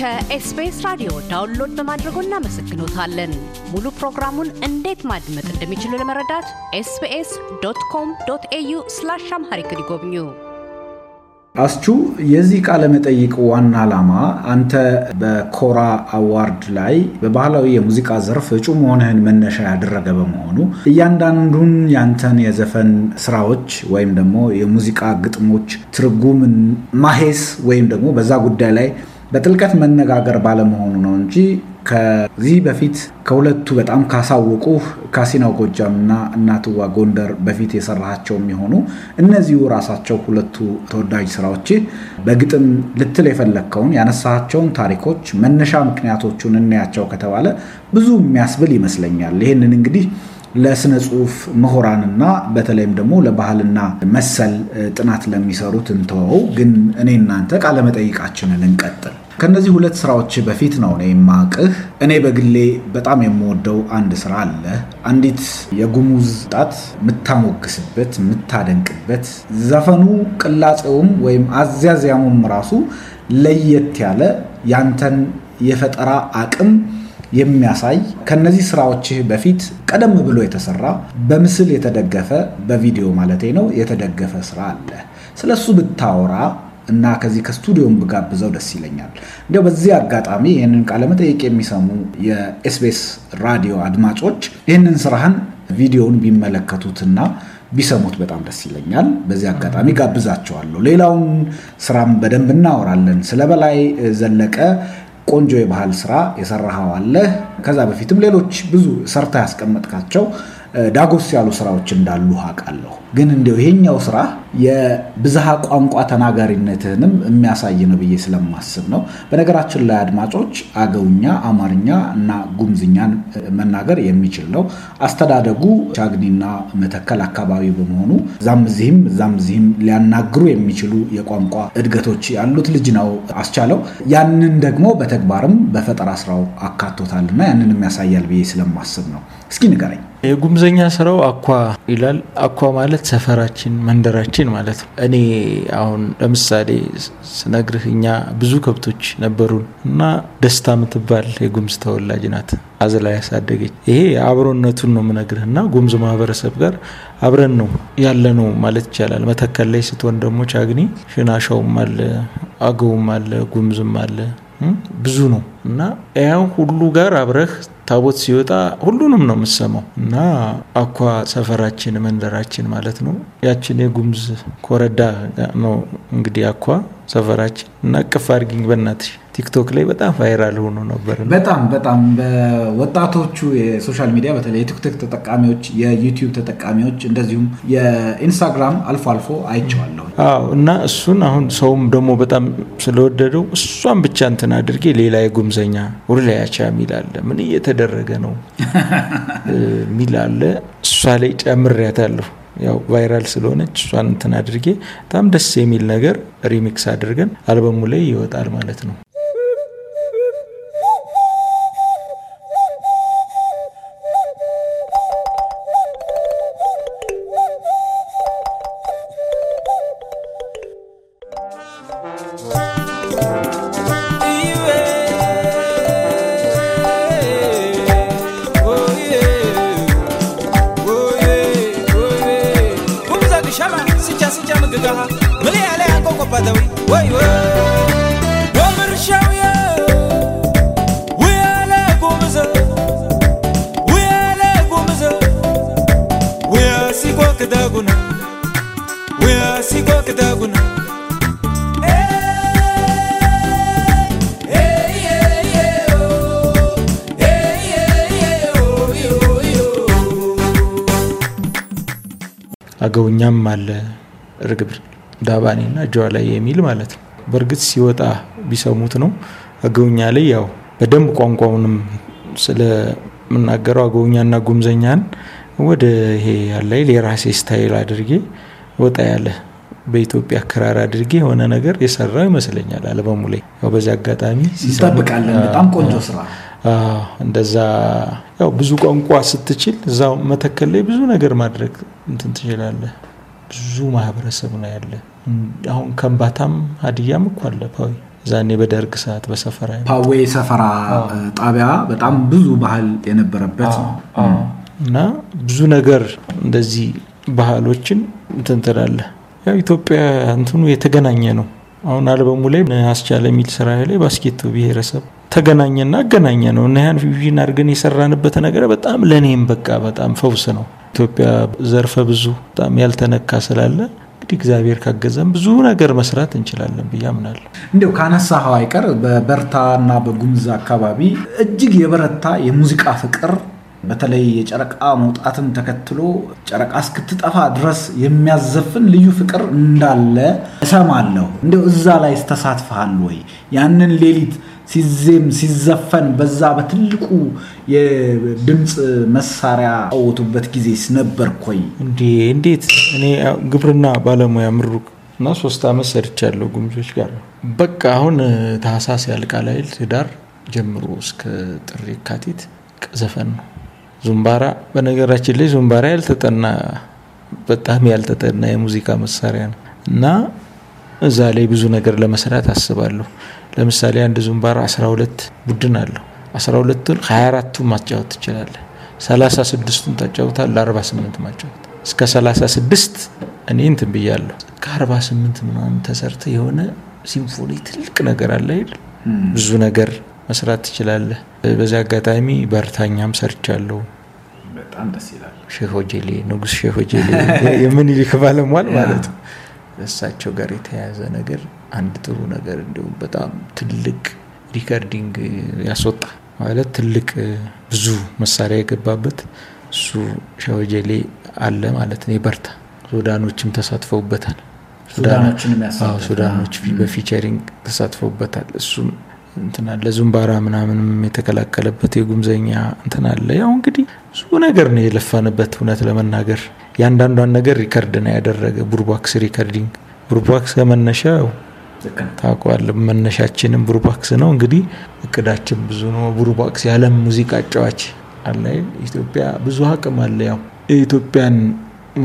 ከኤስቢኤስ ራዲዮ ዳውንሎድ በማድረጎ እናመሰግኖታለን። ሙሉ ፕሮግራሙን እንዴት ማድመጥ እንደሚችሉ ለመረዳት ኤስቢኤስ ዶት ኮም ዶት ኤዩ ስላሽ አምሃሪክ ይጎብኙ። አስቹ፣ የዚህ ቃለ መጠይቅ ዋና ዓላማ አንተ በኮራ አዋርድ ላይ በባህላዊ የሙዚቃ ዘርፍ እጩ መሆንህን መነሻ ያደረገ በመሆኑ እያንዳንዱን ያንተን የዘፈን ስራዎች ወይም ደግሞ የሙዚቃ ግጥሞች ትርጉምን ማሄስ ወይም ደግሞ በዛ ጉዳይ ላይ በጥልቀት መነጋገር ባለመሆኑ ነው እንጂ ከዚህ በፊት ከሁለቱ በጣም ካሳወቁ ጎጃም ጎጃምና እናትዋ ጎንደር በፊት የሰራቸው የሚሆኑ እነዚሁ ራሳቸው ሁለቱ ተወዳጅ ስራዎች በግጥም ልትል የፈለግከውን ያነሳቸውን ታሪኮች መነሻ ምክንያቶቹን እናያቸው ከተባለ ብዙ የሚያስብል ይመስለኛል። ይህንን እንግዲህ ለስነ ጽሁፍ ምሁራንና በተለይም ደግሞ ለባህልና መሰል ጥናት ለሚሰሩት እንተወው። ግን እኔ እናንተ ቃለመጠይቃችንን እንቀጥል። ከእነዚህ ሁለት ስራዎች በፊት ነው እኔ የማቅህ። እኔ በግሌ በጣም የምወደው አንድ ስራ አለ። አንዲት የጉሙዝ ጣት የምታሞግስበት የምታደንቅበት፣ ዘፈኑ ቅላጼውም ወይም አዚያዚያሙም ራሱ ለየት ያለ ያንተን የፈጠራ አቅም የሚያሳይ ከነዚህ ስራዎችህ በፊት ቀደም ብሎ የተሰራ በምስል የተደገፈ በቪዲዮ ማለቴ ነው የተደገፈ ስራ አለ። ስለሱ ብታወራ እና ከዚህ ከስቱዲዮም ብጋብዘው ደስ ይለኛል። እንዲያው በዚህ አጋጣሚ ይህንን ቃለመጠይቅ የሚሰሙ የኤስቤስ ራዲዮ አድማጮች ይህንን ስራህን ቪዲዮውን ቢመለከቱትና ቢሰሙት በጣም ደስ ይለኛል። በዚህ አጋጣሚ ጋብዛቸዋለሁ። ሌላውን ስራም በደንብ እናወራለን። ስለ በላይ ዘለቀ ቆንጆ የባህል ስራ የሰራኸዋለህ። ከዛ በፊትም ሌሎች ብዙ ሰርታ ያስቀመጥካቸው ዳጎስ ያሉ ስራዎች እንዳሉ አውቃለሁ። ግን እንዲያው ይሄኛው ስራ የብዝሃ ቋንቋ ተናጋሪነትህንም የሚያሳይ ነው ብዬ ስለማስብ ነው። በነገራችን ላይ አድማጮች አገውኛ፣ አማርኛ እና ጉምዝኛን መናገር የሚችል ነው። አስተዳደጉ ቻግኒና መተከል አካባቢ በመሆኑ እዛም እዚህም እዛም እዚህም ሊያናግሩ የሚችሉ የቋንቋ እድገቶች ያሉት ልጅ ነው አስቻለው። ያንን ደግሞ በተግባርም በፈጠራ ስራው አካቶታልና ያንንም ያሳያል ብዬ ስለማስብ ነው። እስኪ ንገረኝ። የጉምዘኛ ስራው አኳ ይላል። አኳ ማለት ሰፈራችን፣ መንደራችን ማለት ነው። እኔ አሁን ለምሳሌ ስነግርህ እኛ ብዙ ከብቶች ነበሩን እና ደስታ የምትባል የጉምዝ ተወላጅ ናት አዝላ ያሳደገች። ይሄ አብሮነቱን ነው ምነግርህ እና ጉምዝ ማህበረሰብ ጋር አብረን ነው ያለ ነው ማለት ይቻላል። መተከል ላይ ስትሆን ደግሞ ቻግኒ ሽናሻውም አለ፣ አገውም አለ፣ ጉምዝም አለ ብዙ ነው እና ያ ሁሉ ጋር አብረህ ታቦት ሲወጣ ሁሉንም ነው የምሰማው እና አኳ ሰፈራችን መንደራችን ማለት ነው ያችን የጉምዝ ኮረዳ ነው እንግዲህ አኳ ሰፈራችን እና ቅፍ አድርጊኝ በእናትሽ ቲክቶክ ላይ በጣም ቫይራል ሆኖ ነበር። በጣም በጣም በወጣቶቹ የሶሻል ሚዲያ በተለይ የቲክቶክ ተጠቃሚዎች፣ የዩቲዩብ ተጠቃሚዎች እንደዚሁም የኢንስታግራም አልፎ አልፎ አይቸዋለሁ። አዎ እና እሱን አሁን ሰውም ደግሞ በጣም ስለወደደው እሷን ብቻ እንትን አድርጌ ሌላ የጉምዘኛ ሩላያቻ ሚላለ ምን እየተደረገ ነው ሚላለ እሷ ላይ ጨምሬያታለሁ። ያው ቫይራል ስለሆነች እሷን እንትን አድርጌ በጣም ደስ የሚል ነገር ሪሚክስ አድርገን አልበሙ ላይ ይወጣል ማለት ነው። አገውኛም አለ እርግብር ዳባኔና እጇ ላይ የሚል ማለት ነው። በእርግጥ ሲወጣ ቢሰሙት ነው። አገውኛ ላይ ያው በደንብ ቋንቋውንም ስለምናገረው አገውኛና ጉምዘኛን ወደ ይሄ ያላይ የራሴ ስታይል አድርጌ ወጣ ያለ በኢትዮጵያ ክራር አድርጌ የሆነ ነገር የሰራው ይመስለኛል። አልበሙ ላይ ያው በዚህ አጋጣሚ እንጠብቃለን። በጣም ቆንጆ ስራ እንደዛ ያው ብዙ ቋንቋ ስትችል እዛው መተከል ላይ ብዙ ነገር ማድረግ እንትን ትችላለህ። ብዙ ማህበረሰብ ነው ያለ አሁን ከምባታም ሀዲያም እኮ አለ ፓዊ ዛኔ በደርግ ሰዓት በሰፈራ ፓዌ ሰፈራ ጣቢያ በጣም ብዙ ባህል የነበረበት እና ብዙ ነገር እንደዚህ ባህሎችን እንትን ያው ኢትዮጵያ እንትኑ የተገናኘ ነው። አሁን አልበሙ ላይ አስቻለ የሚል ስራ ላይ ባስኬቶ ብሔረሰብ ተገናኘና አገናኘ ነው እና ያን ፊዥን አድርገን የሰራንበት ነገር በጣም ለእኔም በቃ በጣም ፈውስ ነው። ኢትዮጵያ ዘርፈ ብዙ በጣም ያልተነካ ስላለ እንግዲህ እግዚአብሔር ካገዘን ብዙ ነገር መስራት እንችላለን ብዬ አምናለሁ። እንዲያው ካነሳኸው አይቀር በበርታ እና በጉምዝ አካባቢ እጅግ የበረታ የሙዚቃ ፍቅር በተለይ የጨረቃ መውጣትን ተከትሎ ጨረቃ እስክትጠፋ ድረስ የሚያዘፍን ልዩ ፍቅር እንዳለ እሰማለሁ። እንዲያው እዛ ላይ ስተሳትፈሃል ወይ? ያንን ሌሊት ሲዜም ሲዘፈን በዛ በትልቁ የድምፅ መሳሪያ አወቱበት ጊዜ ነበር። ኮይ እንዴ እንዴት እኔ ግብርና ባለሙያ ምሩቅ እና ሶስት አመት ሰርቻለሁ ጉምጆች ጋር። በቃ አሁን ታህሳስ ያልቃል አይደል ህዳር ጀምሮ እስከ ጥር የካቲት ዘፈን ነው። ዙምባራ በነገራችን ላይ ዙምባራ ያልተጠና በጣም ያልተጠና የሙዚቃ መሳሪያ ነው እና እዛ ላይ ብዙ ነገር ለመስራት አስባለሁ። ለምሳሌ አንድ ዙምባር 12 ቡድን አለው። 12ቱን 24ቱን ማጫወት ትችላለህ። 36ቱን ታጫውታል። ለ48 ማጫወት እስከ 36 እኔ እንትን ብያለሁ። ከ48 ምናምን ተሰርተ የሆነ ሲምፎኒ ትልቅ ነገር አለ አይደል? ብዙ ነገር መስራት ትችላለህ። በዚህ አጋጣሚ በርታኛም ሰርቻለሁ። በጣም ደስ ይላል። ንጉስ ሼሆጀሌ የምን ይልክ ባለሟል ማለት ነው እሳቸው ጋር የተያያዘ ነገር አንድ ጥሩ ነገር እንዲሁም በጣም ትልቅ ሪከርዲንግ ያስወጣ ማለት ትልቅ ብዙ መሳሪያ የገባበት እሱ ሸወጀሌ አለ ማለት ነው። የበርታ ሱዳኖችም ተሳትፈውበታል። ሱዳኖች በፊቸሪንግ ተሳትፈውበታል። እሱም እንትና ለዙምባራ ምናምንም የተቀላቀለበት የጉምዘኛ እንትን አለ። ያው እንግዲህ ብዙ ነገር ነው የለፋንበት እውነት ለመናገር ያንዳንዷን ነገር ሪከርድ ነው ያደረገ። ቡርቧክስ ሪከርዲንግ ቡርባክስ ከመነሻው ታቋል። መነሻችንም ቡርቧክስ ነው። እንግዲህ እቅዳችን ብዙ ነው። ቡርቧክስ የዓለም ሙዚቃ አጫዋች አለ። ኢትዮጵያ ብዙ አቅም አለ። ያው የኢትዮጵያን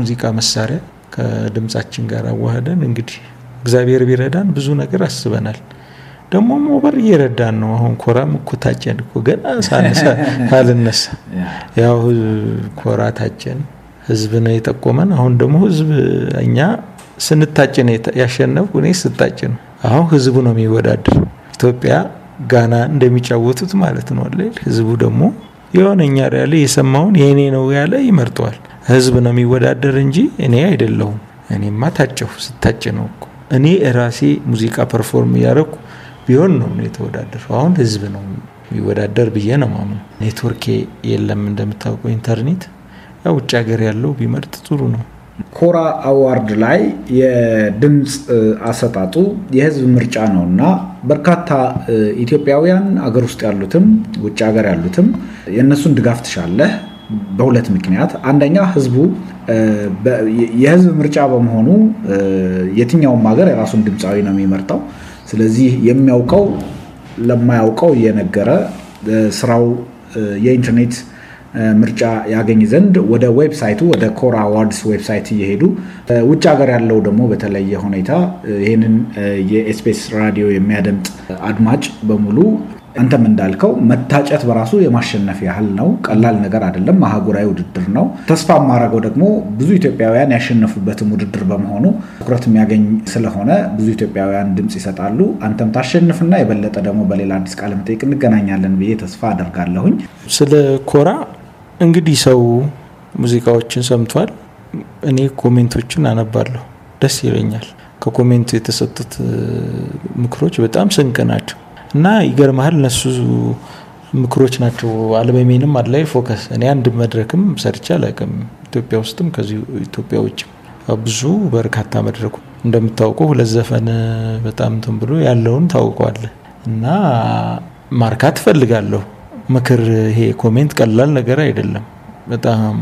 ሙዚቃ መሳሪያ ከድምጻችን ጋር አዋህደን እንግዲህ እግዚአብሔር ቢረዳን ብዙ ነገር አስበናል። ደግሞ ሞበር እየረዳን ነው። አሁን ኮራም እኮ ታጨን እኮ ገና ሳልነሳ ያው ኮራ ታጨን ህዝብ ነው የጠቆመን። አሁን ደግሞ ህዝብ እኛ ስንታጭ ነው ያሸነፍ እኔ ስታጭ ነው። አሁን ህዝቡ ነው የሚወዳደር ኢትዮጵያ ጋና እንደሚጫወቱት ማለት ነው አይደል? ህዝቡ ደግሞ የሆነ እኛ ያለ የሰማውን የእኔ ነው ያለ ይመርጠዋል። ህዝብ ነው የሚወዳደር እንጂ እኔ አይደለሁም። እኔማ ታጨሁ ስታጭ ነው እኮ እኔ ራሴ ሙዚቃ ፐርፎርም እያደረኩ ቢሆን ነው የተወዳደር። አሁን ህዝብ ነው የሚወዳደር ብዬ ነው ማምነው። ኔትወርኬ የለም እንደምታውቀው ኢንተርኔት ውጭ ሀገር ያለው ቢመርጥ ጥሩ ነው። ኮራ አዋርድ ላይ የድምፅ አሰጣጡ የህዝብ ምርጫ ነው እና በርካታ ኢትዮጵያውያን አገር ውስጥ ያሉትም ውጭ ሀገር ያሉትም የእነሱን ድጋፍ ትሻለህ በሁለት ምክንያት። አንደኛ ህዝቡ የህዝብ ምርጫ በመሆኑ የትኛውም ሀገር የራሱን ድምፃዊ ነው የሚመርጠው። ስለዚህ የሚያውቀው ለማያውቀው እየነገረ ስራው የኢንተርኔት ምርጫ ያገኝ ዘንድ ወደ ዌብሳይቱ ወደ ኮር አዋርድስ ዌብሳይት እየሄዱ ውጭ ሀገር ያለው ደግሞ በተለየ ሁኔታ ይህንን የኤስፔስ ራዲዮ የሚያደምጥ አድማጭ በሙሉ አንተም እንዳልከው መታጨት በራሱ የማሸነፍ ያህል ነው። ቀላል ነገር አይደለም። አህጉራዊ ውድድር ነው። ተስፋ ማድረገው ደግሞ ብዙ ኢትዮጵያውያን ያሸነፉበትም ውድድር በመሆኑ ትኩረት የሚያገኝ ስለሆነ ብዙ ኢትዮጵያውያን ድምፅ ይሰጣሉ። አንተም ታሸንፍና የበለጠ ደግሞ በሌላ አዲስ ቃለ መጠይቅ እንገናኛለን ብዬ ተስፋ አደርጋለሁኝ። ስለ ኮራ እንግዲህ ሰው ሙዚቃዎችን ሰምቷል። እኔ ኮሜንቶችን አነባለሁ፣ ደስ ይለኛል። ከኮሜንቱ የተሰጡት ምክሮች በጣም ስንቅ ናቸው እና ይገርመሃል እነሱ ምክሮች ናቸው። አልበሜንም አድ ፎከስ እኔ አንድ መድረክም ሰርቼ አላውቅም። ኢትዮጵያ ውስጥም ከዚህ ኢትዮጵያ ውጭም ብዙ በርካታ መድረኩ እንደምታውቁ ሁለት ዘፈን በጣም እንትን ብሎ ያለውን ታውቋል እና ማርካት እፈልጋለሁ ምክር ይሄ ኮሜንት ቀላል ነገር አይደለም። በጣም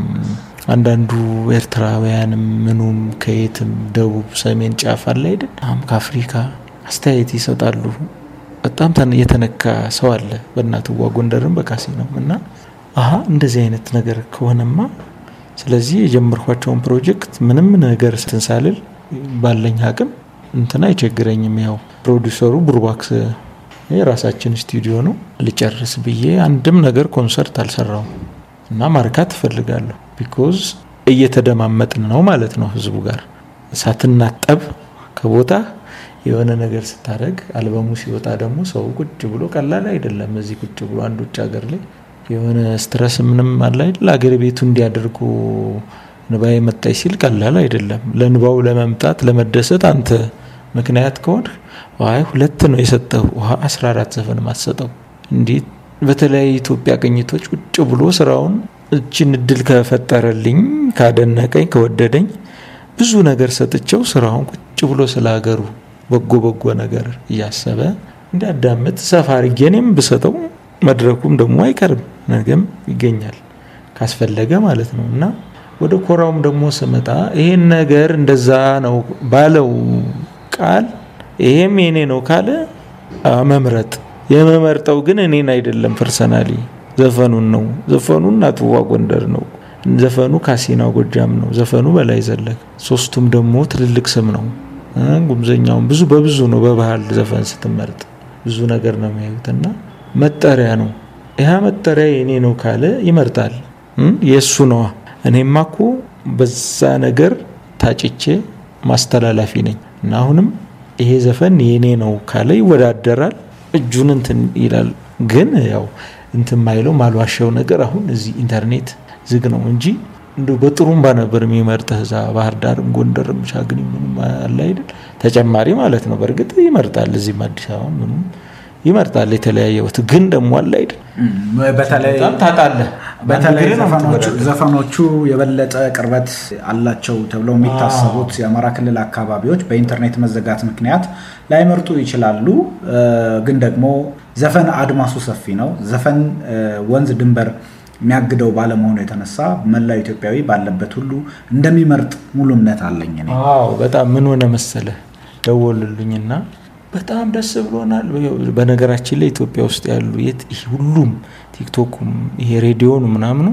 አንዳንዱ ኤርትራውያንም ምኑም ከየትም ደቡብ ሰሜን ጫፍ አለ አይደል ከአፍሪካ አስተያየት ይሰጣሉ። በጣም የተነካ ሰው አለ በእናትዋ ጎንደርም በካሴ ነው እና አሀ እንደዚህ አይነት ነገር ከሆነማ ስለዚህ የጀመርኳቸውን ፕሮጀክት ምንም ነገር ስትንሳልል ባለኝ አቅም እንትን አይቸግረኝም። ያው ፕሮዲሰሩ ቡርባክስ የራሳችን ስቱዲዮ ነው። ልጨርስ ብዬ አንድም ነገር ኮንሰርት አልሰራውም እና ማርካት ትፈልጋለሁ ቢኮዝ እየተደማመጥን ነው ማለት ነው ህዝቡ ጋር ሳትናጠብ ከቦታ የሆነ ነገር ስታደረግ አልበሙ ሲወጣ ደግሞ ሰው ቁጭ ብሎ ቀላል አይደለም። እዚህ ቁጭ ብሎ አንድ ውጭ ሀገር ላይ የሆነ ስትረስ ምንም አለ አይደል አገር ቤቱ እንዲያደርጉ ንባ መጣይ ሲል ቀላል አይደለም። ለንባው ለመምጣት ለመደሰት አንተ ምክንያት ከሆንህ ዋይ ሁለት ነው የሰጠው ውሃ አስራ አራት ዘፈን ማሰጠው እንዴት? በተለያዩ ኢትዮጵያ ቅኝቶች ቁጭ ብሎ ስራውን እችን እድል ከፈጠረልኝ፣ ካደነቀኝ፣ ከወደደኝ ብዙ ነገር ሰጥቸው ስራውን ቁጭ ብሎ ስለ ሀገሩ በጎ በጎ ነገር እያሰበ እንዳዳምጥ ሰፋ አድርጌ እኔም ብሰጠው መድረኩም ደግሞ አይቀርም ነገም ይገኛል ካስፈለገ ማለት ነው እና ወደ ኮራውም ደግሞ ስመጣ ይሄን ነገር እንደዛ ነው ባለው ቃል ይሄም የኔ ነው ካለ መምረጥ የመመርጠው ግን እኔን አይደለም ፐርሰናሊ ዘፈኑን ነው። ዘፈኑ እናትዋ ጎንደር ነው። ዘፈኑ ካሲና ጎጃም ነው። ዘፈኑ በላይ ዘለቅ ሶስቱም ደግሞ ትልልቅ ስም ነው። ጉምዘኛውን ብዙ በብዙ ነው። በባህል ዘፈን ስትመርጥ ብዙ ነገር ነው የሚያዩት እና መጠሪያ ነው። ይህ መጠሪያ የኔ ነው ካለ ይመርጣል። የእሱ ነዋ። እኔማ እኮ በዛ ነገር ታጭቼ ማስተላላፊ ነኝ። እና አሁንም ይሄ ዘፈን የኔ ነው ካለ ይወዳደራል፣ እጁን እንትን ይላል። ግን ያው እንትን ማይለው ማልዋሻው ነገር አሁን እዚህ ኢንተርኔት ዝግ ነው እንጂ እንዲ በጥሩምባ ነበር የሚመርጠህ እዛ ባህር ዳርም ጎንደርም ሻግኒ ምንም አለ አይደል ተጨማሪ ማለት ነው። በእርግጥ ይመርጣል እዚህም አዲስ አበባ ምንም ይመርጣል። የተለያየ ወት ግን ደግሞ አለ አይደል ታጣለ በተለይ ዘፈኖቹ የበለጠ ቅርበት አላቸው ተብለው የሚታሰቡት የአማራ ክልል አካባቢዎች በኢንተርኔት መዘጋት ምክንያት ላይመርጡ ይችላሉ። ግን ደግሞ ዘፈን አድማሱ ሰፊ ነው። ዘፈን ወንዝ ድንበር የሚያግደው ባለመሆኑ የተነሳ መላው ኢትዮጵያዊ ባለበት ሁሉ እንደሚመርጥ ሙሉ እምነት አለኝ። በጣም ምን ሆነ መሰለ ደወሉልኝና በጣም ደስ ብሎናል። በነገራችን ላይ ኢትዮጵያ ውስጥ ያሉ የት ሁሉም ቲክቶኩም ይሄ ሬዲዮን ምናምኑ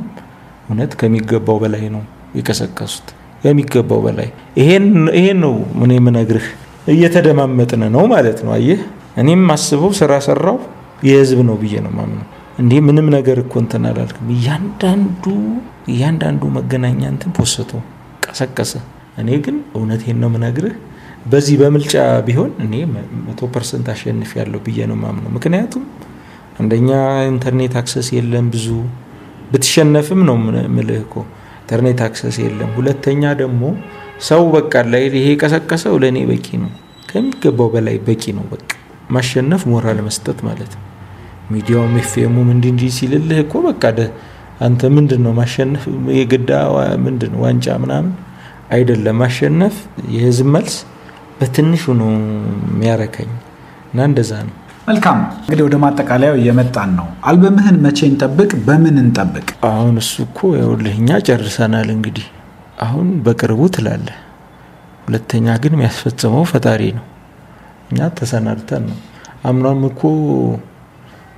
እውነት ከሚገባው በላይ ነው የቀሰቀሱት፣ ከሚገባው በላይ ይሄን ነው ምን የምነግርህ። እየተደማመጥን ነው ማለት ነው። አየህ እኔም አስበው ስራ ሰራው የህዝብ ነው ብዬ ነው ማምነው። እንዲህ ምንም ነገር እኮ እንትን አላልክም። እያንዳንዱ እያንዳንዱ መገናኛ እንትን ፖስቶ ቀሰቀሰ። እኔ ግን እውነቴን ነው ምነግርህ በዚህ በምልጫ ቢሆን እኔ መቶ ፐርሰንት አሸንፍ ያለው ብዬ ነው ማምነው። ምክንያቱም አንደኛ ኢንተርኔት አክሰስ የለም ብዙ ብትሸነፍም ነው ምልህ እኮ ኢንተርኔት አክሰስ የለም። ሁለተኛ ደግሞ ሰው በቃ ላይ ይሄ የቀሰቀሰው ለእኔ በቂ ነው፣ ከሚገባው በላይ በቂ ነው። በቃ ማሸነፍ ሞራል መስጠት ማለት ነው። ሚዲያውም ኤፍኤሙም እንዲ እንዲ ሲልልህ እኮ በቃ አንተ ምንድን ነው ማሸነፍ የግዳ ምንድን ዋንጫ ምናምን አይደለም። ማሸነፍ የህዝብ መልስ በትንሹ ነው የሚያረከኝ እና እንደዛ ነው። መልካም እንግዲህ ወደ ማጠቃለያው እየመጣን ነው። አልበምህን መቼ እንጠብቅ? በምን እንጠብቅ? አሁን እሱ እኮ ውልህኛ እኛ ጨርሰናል። እንግዲህ አሁን በቅርቡ ትላለ ሁለተኛ ግን የሚያስፈጽመው ፈጣሪ ነው። እኛ ተሰናድተን ነው። አምናም እኮ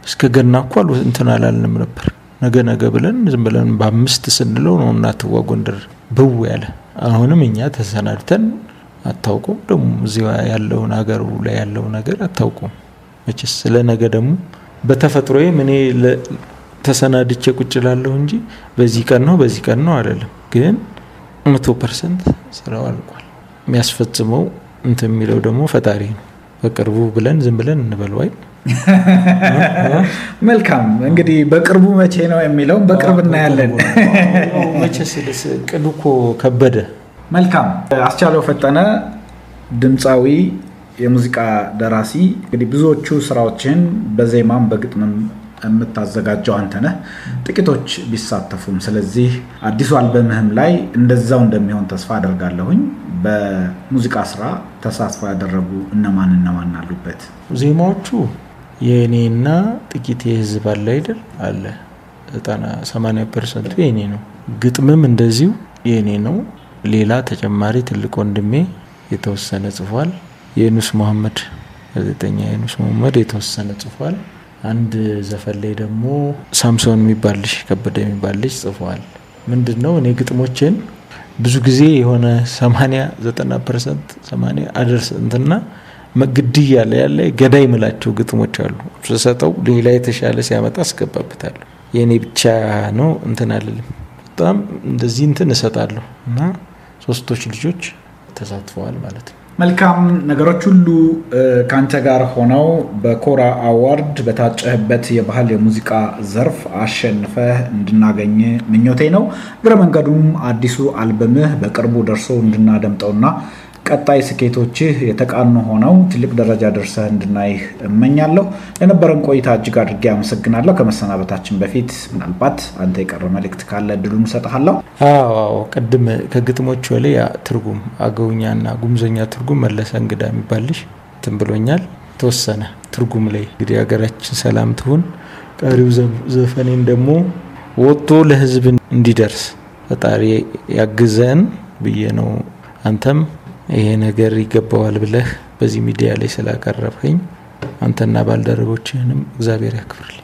እስከ ገና እኳ እንትን አላልንም ነበር። ነገ ነገ ብለን ዝም ብለን በአምስት ስንለው ነው እናትዋ ጎንደር ብው ያለ። አሁንም እኛ ተሰናድተን አታውቁም። ደግሞ እዚያ ያለውን ሀገሩ ላይ ያለው ነገር አታውቁም። መቼስ ስለ ነገ ደግሞ በተፈጥሮዬ እኔ ተሰናድቼ ቁጭ ላለሁ እንጂ በዚህ ቀን ነው በዚህ ቀን ነው አይደለም። ግን መቶ ፐርሰንት ስራው አልቋል። የሚያስፈጽመው እንትን የሚለው ደግሞ ፈጣሪ ነው። በቅርቡ ብለን ዝም ብለን እንበል ዋይ መልካም እንግዲህ በቅርቡ መቼ ነው የሚለውን በቅርብ እናያለን። መቼስ ቅዱ እኮ ከበደ መልካም አስቻለው ፈጠነ ድምፃዊ የሙዚቃ ደራሲ እንግዲህ ብዙዎቹ ስራዎችን በዜማም በግጥምም የምታዘጋጀው አንተ ጥቂቶች ቢሳተፉም። ስለዚህ አዲሱ አልበምህም ላይ እንደዛው እንደሚሆን ተስፋ አደርጋለሁኝ። በሙዚቃ ስራ ተሳትፎ ያደረጉ እነማን እነማን አሉበት? ዜማዎቹ የእኔና ጥቂት የህዝብ አለ አይደል አለ ዘጠና ሰማንያ ፐርሰንቱ የእኔ ነው። ግጥምም እንደዚሁ የእኔ ነው። ሌላ ተጨማሪ ትልቅ ወንድሜ የተወሰነ ጽፏል። የኑስ መሐመድ ጋዜጠኛ የኑስ መሐመድ የተወሰነ ጽፏል። አንድ ዘፈን ላይ ደግሞ ሳምሶን የሚባል ልጅ ከበደ የሚባል ልጅ ጽፏል። ምንድን ነው እኔ ግጥሞችን ብዙ ጊዜ የሆነ ሰማንያ ዘጠና ፐርሰንት ሰማንያ አደርስ እንትና መግድ ያለ ያለ ገዳይ ምላቸው ግጥሞች አሉ። ስሰጠው ሌላ የተሻለ ሲያመጣ አስገባበታለሁ። የእኔ ብቻ ነው እንትን አልልም። በጣም እንደዚህ እንትን እሰጣለሁ እና ሶስቶች ልጆች ተሳትፈዋል ማለት ነው። መልካም ነገሮች ሁሉ ከአንተ ጋር ሆነው በኮራ አዋርድ በታጨህበት የባህል የሙዚቃ ዘርፍ አሸንፈህ እንድናገኝ ምኞቴ ነው። እግረ መንገዱም አዲሱ አልበምህ በቅርቡ ደርሶ እንድናደምጠውና ቀጣይ ስኬቶችህ የተቃኑ ሆነው ትልቅ ደረጃ ደርሰህ እንድናይህ እመኛለሁ። ለነበረን ቆይታ እጅግ አድርጌ አመሰግናለሁ። ከመሰናበታችን በፊት ምናልባት አንተ የቀረ መልእክት ካለ እድሉን እሰጥሃለሁ። አዎ ቅድም ከግጥሞች ላይ ትርጉም አገውኛና ጉምዘኛ ትርጉም መለሰ እንግዳ የሚባልሽ ትን ብሎኛል። ተወሰነ ትርጉም ላይ እንግዲህ ሀገራችን ሰላም ትሁን። ቀሪው ዘፈኔን ደግሞ ወጥቶ ለህዝብ እንዲደርስ ፈጣሪ ያግዘን ብዬ ነው አንተም ይሄ ነገር ይገባዋል ብለህ በዚህ ሚዲያ ላይ ስላቀረብኝ አንተና ባልደረቦችህንም እግዚአብሔር ያክብርልኝ።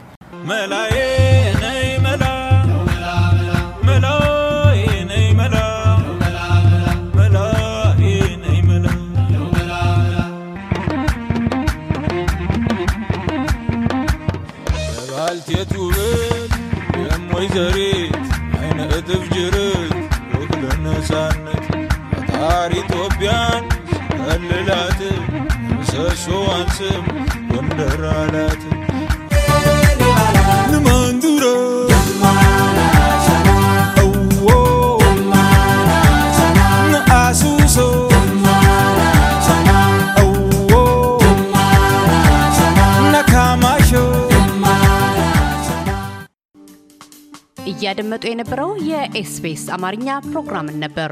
ስም ጎንደር አላት እያደመጡ የነበረው የኤስቢኤስ አማርኛ ፕሮግራምን ነበር።